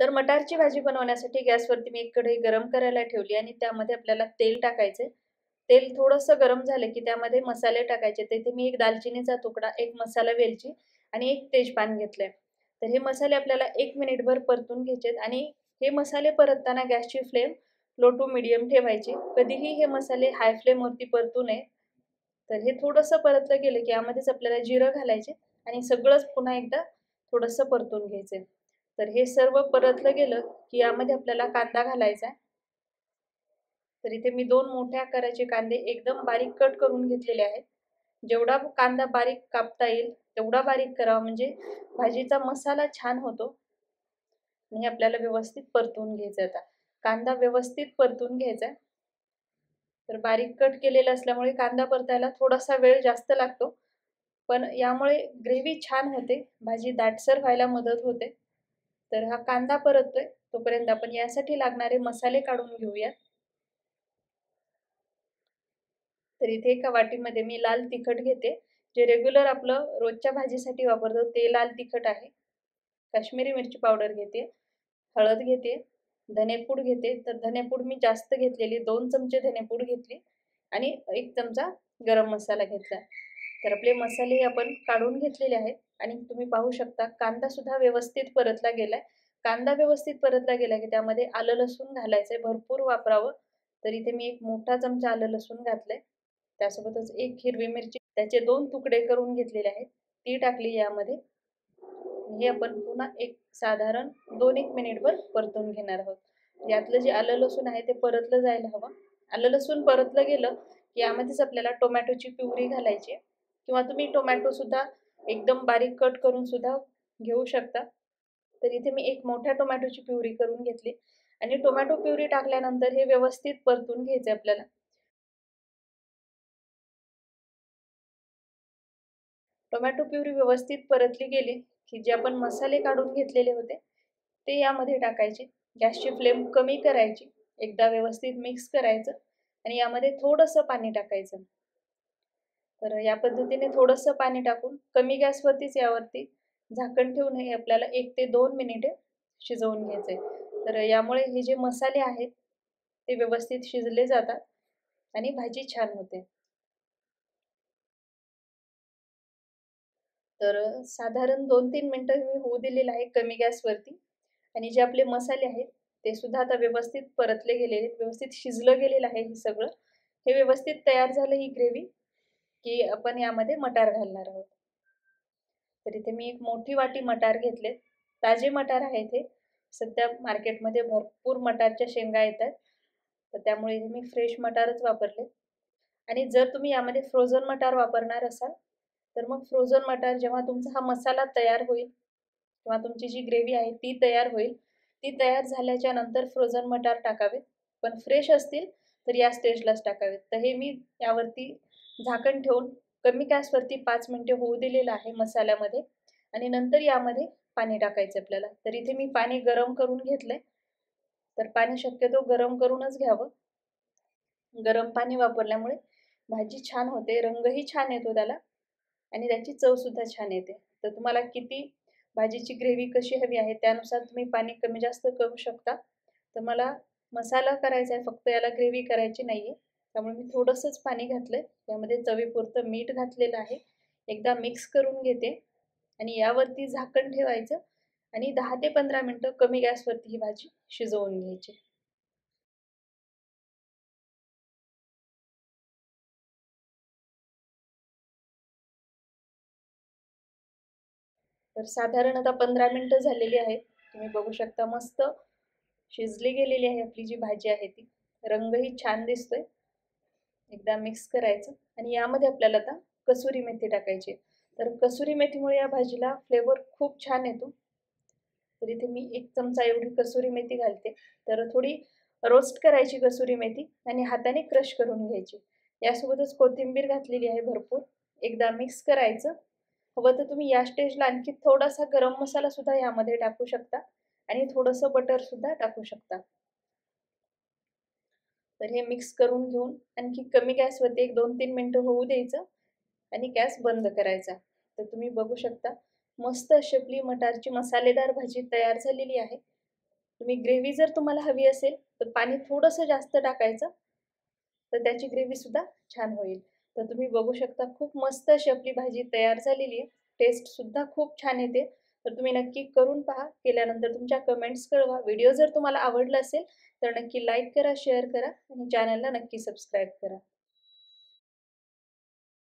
तर मटारची भाजी बनवण्यासाठी गॅसवरती मी एक कढई गरम करायला ठेवली आणि त्यामध्ये आपल्याला तेल टाकायचे तेल थोडंसं गरम झालं की त्यामध्ये मसाले टाकायचे तेथे मी एक दालचिनीचा तुकडा एक मसाला वेलची आणि एक तेजपान घेतलंय तर हे मसाले आपल्याला एक मिनिटभर परतून घ्यायचेत आणि हे मसाले परतताना गॅसची फ्लेम लो टू मिडियम ठेवायची कधीही हे मसाले हाय फ्लेमवरती परतू नये तर हे थोडंसं परतलं गेलं की यामध्येच आपल्याला जिरं घालायचे आणि सगळंच पुन्हा एकदा थोडंसं परतून घ्यायचे तर हे सर्व परतलं गेलं की यामध्ये आपल्याला कांदा घालायचा तर इथे मी दोन मोठ्या आकाराचे कांदे एकदम बारीक कट करून घेतलेले आहेत जेवढा कांदा बारीक कापता येईल तेवढा बारीक करावा म्हणजे भाजीचा मसाला छान होतो आणि आपल्याला व्यवस्थित परतून घ्यायचा आता कांदा व्यवस्थित परतून घ्यायचा तर बारीक कट केलेला असल्यामुळे कांदा परतायला थोडासा वेळ जास्त लागतो पण यामुळे ग्रेव्ही छान होते भाजी दाटसर व्हायला मदत होते तर हा कांदा परततोय तोपर्यंत आपण यासाठी लागणारे मसाले काढून घेऊयात तर इथे एका वाटीमध्ये मी लाल तिखट घेते जे रेग्युलर आपलं रोजच्या भाजीसाठी वापरतो ते लाल तिखट आहे काश्मीरी मिरची पावडर घेते हळद घेते धनेपूड घेते तर धनेपूड मी जास्त घेतलेली दोन चमचे धनेपूड घेतली आणि एक चमचा गरम मसाला घेतला तर आपले मसाले आपण काढून घेतलेले आहेत आणि तुम्ही पाहू शकता कांदा सुद्धा व्यवस्थित परतला गेलाय कांदा व्यवस्थित परतला गेला की त्यामध्ये आलं लसूण घालायचंय भरपूर वापरावं तर इथे मी एक मोठा चमचा आलं लसूण घातलंय त्यासोबतच एक हिरवी मिरची त्याचे दोन तुकडे करून घेतलेले आहेत ती टाकली यामध्ये हे आपण पुन्हा एक साधारण दोन एक मिनिटभर परतून घेणार आहोत यातलं जे आलं लसूण आहे ते परतलं जायला हवं आलं लसूण परतलं गेलं की यामध्येच आपल्याला टोमॅटोची प्युरी घालायची किंवा तुम्ही टोमॅटो सुद्धा एकदम बारीक कट करून सुद्धा घेऊ शकता तर इथे मी एक मोठ्या टोमॅटोची प्युरी करून घेतली आणि टोमॅटो प्युरी टाकल्यानंतर हे व्यवस्थित परतून घ्यायचे आपल्याला टोमॅटो प्युरी व्यवस्थित परतली गेली की जे आपण मसाले काढून घेतलेले होते ते यामध्ये टाकायचे गॅसची फ्लेम कमी करायची एकदा व्यवस्थित मिक्स करायचं आणि यामध्ये थोडंसं पाणी टाकायचं तर या पद्धतीने थोडंसं पाणी टाकून कमी गॅसवरतीच यावरती झाकण ठेवून हे आपल्याला एक ते दोन मिनिटे शिजवून घ्यायचे तर यामुळे हे जे मसाले आहेत ते व्यवस्थित शिजले जातात आणि भाजी छान होते तर साधारण दोन तीन मिनटं मी होऊ दिलेलं आहे कमी गॅसवरती आणि जे आपले मसाले आहेत ते सुद्धा आता व्यवस्थित परतले गेलेले व्यवस्थित शिजलं गेलेलं आहे हे सगळं हे व्यवस्थित तयार झालं ही ग्रेव्ही की आपण यामध्ये मटार घालणार आहोत तर इथे मी एक मोठी वाटी मटार घेतले ताजे मटार आहे इथे सध्या मार्केटमध्ये भरपूर मटारच्या शेंगा येतात तर त्यामुळे इथे मी फ्रेश मटारच वापरले आणि जर तुम्ही यामध्ये फ्रोझन मटार वापरणार असाल तर मग फ्रोझन मटार जेव्हा तुमचा हा मसाला तयार होईल किंवा तुमची जी ग्रेव्ही आहे ती तयार होईल ती तयार झाल्याच्या नंतर फ्रोझन मटार टाकावेत पण फ्रेश असतील तर या स्टेजलाच टाकावेत तर हे मी यावरती झाकण ठेवून कमी गॅसवरती पाच मिनटे होऊ दिलेलं आहे मसाल्यामध्ये आणि नंतर यामध्ये पाणी टाकायचं आपल्याला तर इथे मी पाणी गरम करून घेतलंय तर पाणी शक्यतो गरम करूनच घ्यावं गरम पाणी वापरल्यामुळे भाजी छान होते रंगही छान येतो त्याला आणि त्याची चवसुद्धा छान येते तर तुम्हाला किती भाजीची ग्रेव्ही कशी हवी आहे त्यानुसार तुम्ही पाणी कमी जास्त करू शकता तर मला मसाला करायचा आहे फक्त याला ग्रेव्ही करायची नाही आहे त्यामुळे मी थोडंसंच पाणी घातलं आहे यामध्ये चवीपुरतं मीठ घातलेलं आहे एकदा मिक्स करून घेते आणि यावरती झाकण ठेवायचं आणि दहा ते पंधरा मिनटं कमी गॅसवरती ही भाजी शिजवून घ्यायची तर साधारणतः पंधरा मिनटं झालेली आहेत तुम्ही बघू शकता मस्त शिजली गेलेली आहे आपली जी भाजी आहे ती रंगही छान दिसतोय एकदा मिक्स करायचं आणि यामध्ये आपल्याला आता कसुरी मेथी टाकायची तर कसुरी मेथीमुळे या भाजीला फ्लेवर खूप छान येतो तर इथे मी एक चमचा एवढी कसुरी मेथी घालते तर थोडी रोस्ट करायची कसुरी मेथी आणि हाताने क्रश करून घ्यायची यासोबतच कोथिंबीर घातलेली आहे भरपूर एकदा मिक्स करायचं हवं तर तुम्ही या स्टेजला आणखी थोडासा गरम मसाला सुद्धा यामध्ये टाकू शकता आणि थोडंसं बटर सुद्धा टाकू शकता तर हे मिक्स करून घेऊन आणखी कमी वरती एक दोन तीन मिनटं होऊ द्यायचं आणि गॅस बंद करायचा तर तुम्ही बघू शकता मस्त अशी आपली मटारची मसालेदार भाजी तयार झालेली आहे तुम्ही ग्रेव्ही जर तुम्हाला हवी असेल तर पाणी थोडंसं जास्त टाकायचं तर त्याची ग्रेव्ही सुद्धा छान होईल तर तुम्ही बघू शकता खूप मस्त अशी आपली भाजी तयार झालेली आहे टेस्ट सुद्धा खूप छान येते तर तुम्ही नक्की करून पहा केल्यानंतर तुमच्या कमेंट्स कळवा व्हिडिओ जर तुम्हाला आवडला असेल तर नक्की लाईक करा शेअर करा आणि चॅनलला नक्की सबस्क्राईब करा